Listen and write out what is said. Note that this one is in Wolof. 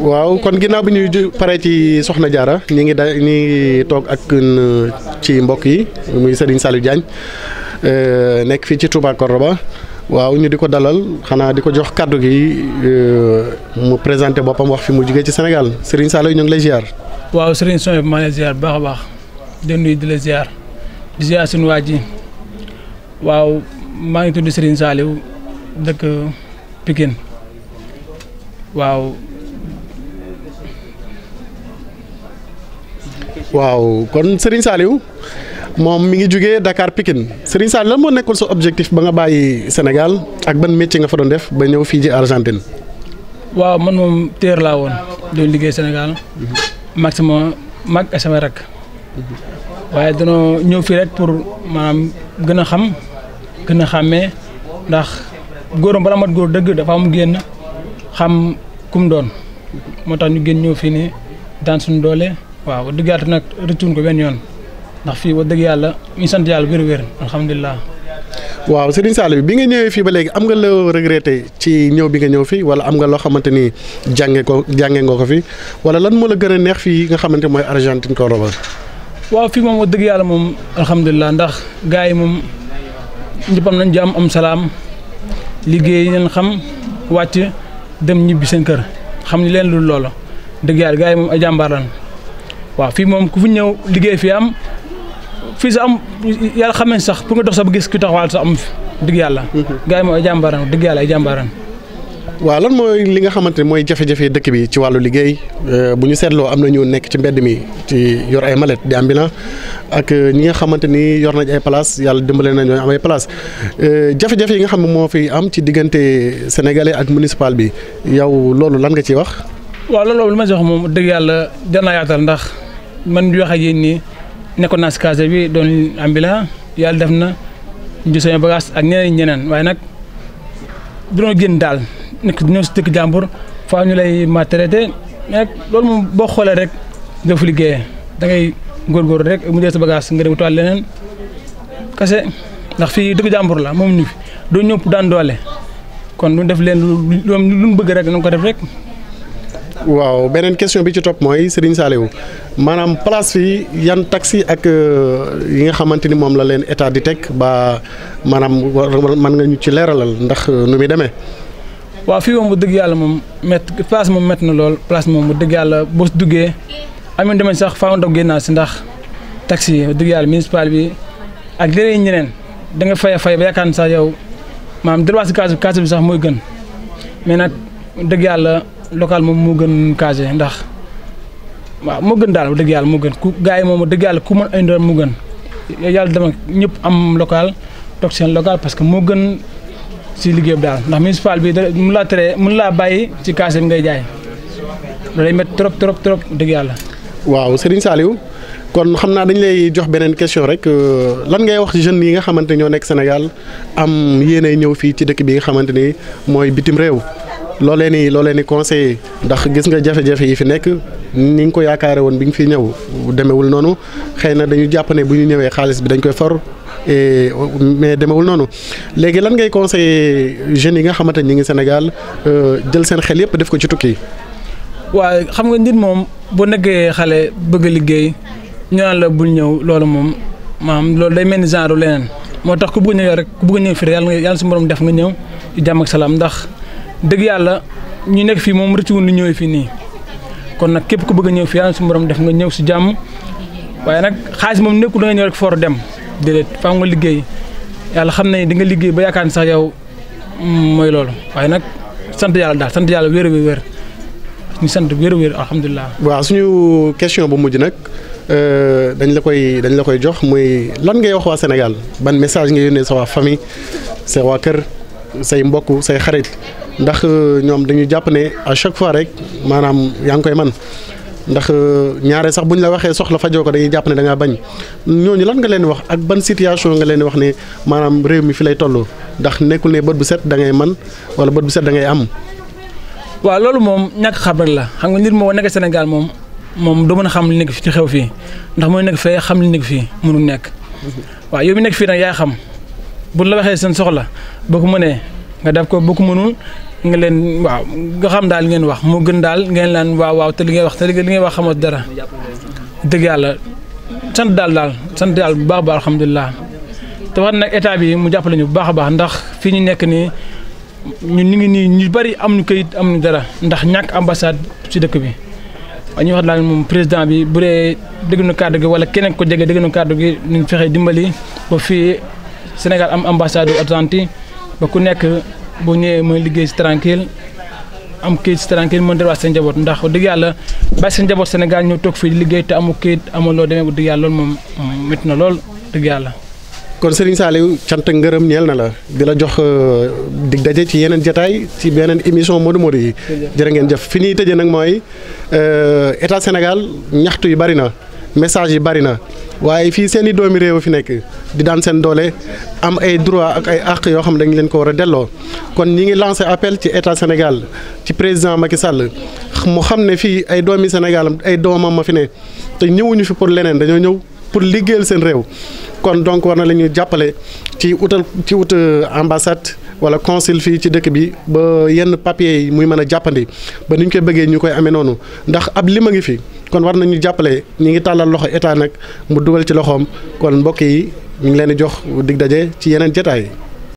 waaw kon ginnaaw bi ñu paree ci Soxna Jaara ñi ngi da ñi ngi toog ak euh, ci mbokk yi muy Serigne Saliou Diagne euh, nekk fii ci Touba ba waaw ñu di ko dalal xanaa di ko jox kàddu gi euh, mu présenté boppam wax fi mu jógee ci Sénégal Serigne Saliou ñu ngi lay ziar. waaw Serigne Sow maa ngi lay ziar baax a baax di nuyu di la ziar di ziar suñu waa ji waaw maa ngi tudd Serigne Saliou dëkk Pikine waaw. waaw kon Serigne Saliou moom mi ngi jugee dakaar pikin Serigne Saliou lan moo nekkoon sa objectif ba nga bàyyi Sénégal ak ban métier nga fa doon def ba ñëw fii ci Argentine. waaw man moom téer laa woon doon liggéey Sénégal maximum mag ak sama waaye danoo ñëw fii rek pour maanaam gën a xam gën a xàmmee ndax góoram bala mat góor dëgg dafa am génn xam kum doon moo tax ñu génn ñëw fii nii daan suñu doolee waaw wax dëgg yàlla nag rëccuwuñ ko yoon ndax fii wax dëgg yàlla ñu sant yàlla wér-wér alhamdulilah. waaw Serigne Saliou bi nga ñëwee fii ba léegi am nga loo regretté ci ñëw bi nga ñëw fii wala am nga loo xamante ni jànge ko jànge nga ko fi wala lan moo la gën a neex fii nga xamante mooy Argentine Córdoba. waaw fii moom wax dëgg yàlla moom alhamdulilah ndax gars yi moom ñëpp nañ jàmm am salaam liggéey leen xam wàcc dem ñibbi seen kër xam ni leen lu loola dëgg yàlla gars yi moom ay jàmbaar lañ waaw fii moom ku fi ñëw liggéey fii am fii sa am yàlla xam nañ sax pour nga dox sax ba gis ku taxawal sa am fi dëgg yàlla. Mhm. gars yi mooy ay jàmbaaraan dëgg yàlla ay jàmbaaraan. waaw lan mooy li nga xamante ne mooy jafe dëkk bi ci wàllu liggéey euh, bu ñu seetloo am na ñu nekk ci mbedd mi ci yor ay mallette di ambulant ak euh, ñi nga xamante ni yor nañ ay place yàlla dimbale nañ ñooy am ay place euh, jafe-jafe yi nga xam ne moo fi am ci diggante sénégalais ak municipal bi yow loolu lan nga ciy wax. waaw loolu lu ma si moom dëgg yàlla danaa yaatal ndax man di wax ak yéen nii nekkoon naa si case bi doon ambulant yàlla def na ñu sama bagage ak ñeneen ñeneen waaye nag dunoo génn daal nekk ñëw si dëkk ñu lay maltraité mais boo xoolee rek doo fi liggéeyee da ngay góorgóorlu rek mu dee sa bagage nga dem toile leneen kase ndax fii dëkk jàmbur la moom ni fi doo ñëpp daan doole kon lu def leen lu lu bëgg rek dana ko def rek. waaw beneen question bi ci topp mooy Serigne Saliou maanaam place fi yan taxi ak euh, yi nga xamante ni moom la leen état di teg ba maanaam man nga ñu ci leeralal ndax euh, nu muy demee. waaw fii moom bu dëgg yàlla moom met place moom mett na lool place moom mu dëgg yàlla boo duggee amoon demañ sax faaw ndaw génnaa si ndax taxi yi bu dëgg yàlla municipal bi ak yi ñeneen da nga fay fay ba yaakaar sax yow maanaam dërwaas si kaas bi sax mooy gën mais local moom moo gën casier ndax waaw moo gën daal dëgg yàlla moo gën ku gars yi moom dëgg yàlla ku mën indi mu gën yàlla dama ñëpp am local toog seen local parce que moo gën si liggéey bi daal ndax municipal bi mun laa tere mun laa bàyyi ci casier bi ngay jaay loolu lay métti trop trop trop dëgg yàlla. waaw Serigne Saliou kon xam naa dañu lay jox beneen question rek euh, lan ngay wax jeunes yi nga xamante ñoo nekk senegal am yéenay ñëw fii ci dëkk bi nga xamante ni mooy bitim réew. loo leen di loo leen di conseillé ndax gis nga jafe-jafe yi fi nekk ni nga ko yaakaare woon bi ñu fi ñëw demewul noonu xëy na dañu jàppane bu ñu ñëwee xaalis bi dañ koy for mais demewul noonu léegi lan ngay conseillé jeunes yi nga xamante ñi ngi senegal euh, jël seen xel yëpp def ko ci tukki. waaw xam nga nit moom bu nekkee xale bëgg a liggéey ñu la bul ñëw loolu moom maam loolu day mel ni genre leneen moo tax ku bëgg ñëw rek ku bëgg ñëw fii yàlla yàlla su borom def nga ñëw jàmm salaam ndax. dëgg yàlla ñu nekk fii moom rëccu wuñ lu ñëwee fii nii kon nag képp ku bëgg a ñëw fii yàlla su borom def nga ñëw si jàmm waaye nag xaalis moom nekkul da nga ñëw rek for dem déedéet faaw nga liggéey yàlla xam ne di nga liggéey ba yaakaar sax yow mm, mooy loolu waaye nag sant yàlla daal sant yàlla wér wér ñu sant wér wér alhamdulilah. waaw suñu question bu mujj nag euh, dañ la koy dañ la koy jox muy lan ngay wax waa Sénégal ban message nga yónnee sa waa famille sa kër say mbokk say xarit. ndax euh, ñoom dañuy jàpp ne à chaque fois rek maanaam yaa ngi koy man ndax euh, ñaare sax bu ñu la waxee soxla fajoo ko dañuy jàpp ne da bañ ñooñu lan nga leen wax ak ban situation nga leen wax ne maanaam réew mi fi lay toll ndax nekkul ne bët bu set da ngay man wala bët bu set da ngay am. waaw loolu moom ñàkk xam la xam nga nit moo nekk Sénégal moom moom du mën a xam li nekk ci xew fii ndax mooy nekk fee xam li nekk fii mënul nekk mhm. waaw yow mi nekk fii nag yaa xam buñ la waxee seen soxla boo ko mënee nga def ko bu mënul nga leen waaw nga xam daal ngeen wax moo gën daal ngeen laan waaw te li ngay wax te li ngay wax xamoo dara dëgg yàlla sant daal daal sant yàlla bu baax ba alhamdulilah te wax nag état bi mu jàpp ñu bu baax a baax ndax fii ñu nekk nii ñun ñu ngi nii ñu bari am nu këyit am ñu dara ndax ñàkk ambassade ci dëkk bi. waaye ñu wax daal moom président bi bu dee dégg na kàddu gi wala keneen ko jege dégg na kàddu gi ñu fexe dimbali ba fii Sénégal am ambassade bu ba ku nekk boo ñëwee mooy liggéey si tranquille am kayit si tranquille mën dara seen njaboot ndax dëgg yàlla bàyyi seen njaboot Sénégal ñoo toog fii liggéey te amul kayit amul loo demee bu dëgg yàlla loolu moom métti na lool dëgg yàlla. kon Serigne Saliou cant ngërëm ñeel na la di la jox euh, dig daje ci yeneen jataay ci beneen émission Modou Modou yi. jërë ngeen jëf fi ñuy tëjee nag mooy euh, état Sénégal ñaxtu yi bari na. message yi bari na waaye fii seen i doomi réew fi nekk di daan seen doole am ay droit ak ay àq yoo xam ne dañ leen ko war a delloo kon ñi ngi lancé appel ci état Sénégal ci président Macky sàll mu xam ne fii ay doomi Sénégal ay doomam ma fi ne te ñëwuñu fi pour leneen dañoo ñëw pour liggéeyal seen réew kon donc war na lañuy jàppale ci utal ci wut euh, ambassade. wala consul fi ci dëkk bi ba yenn papier yi muy mën a jàppandi ba ni ñu koy bëggee ñu koy amee noonu ndax ab lima ngi fi kon war ñu jàppale ñi ngi tàllal loxo état nag mu dugal ci loxoom kon mbokk yi ñu ngi leen di jox dig daje ci yeneen jotaay.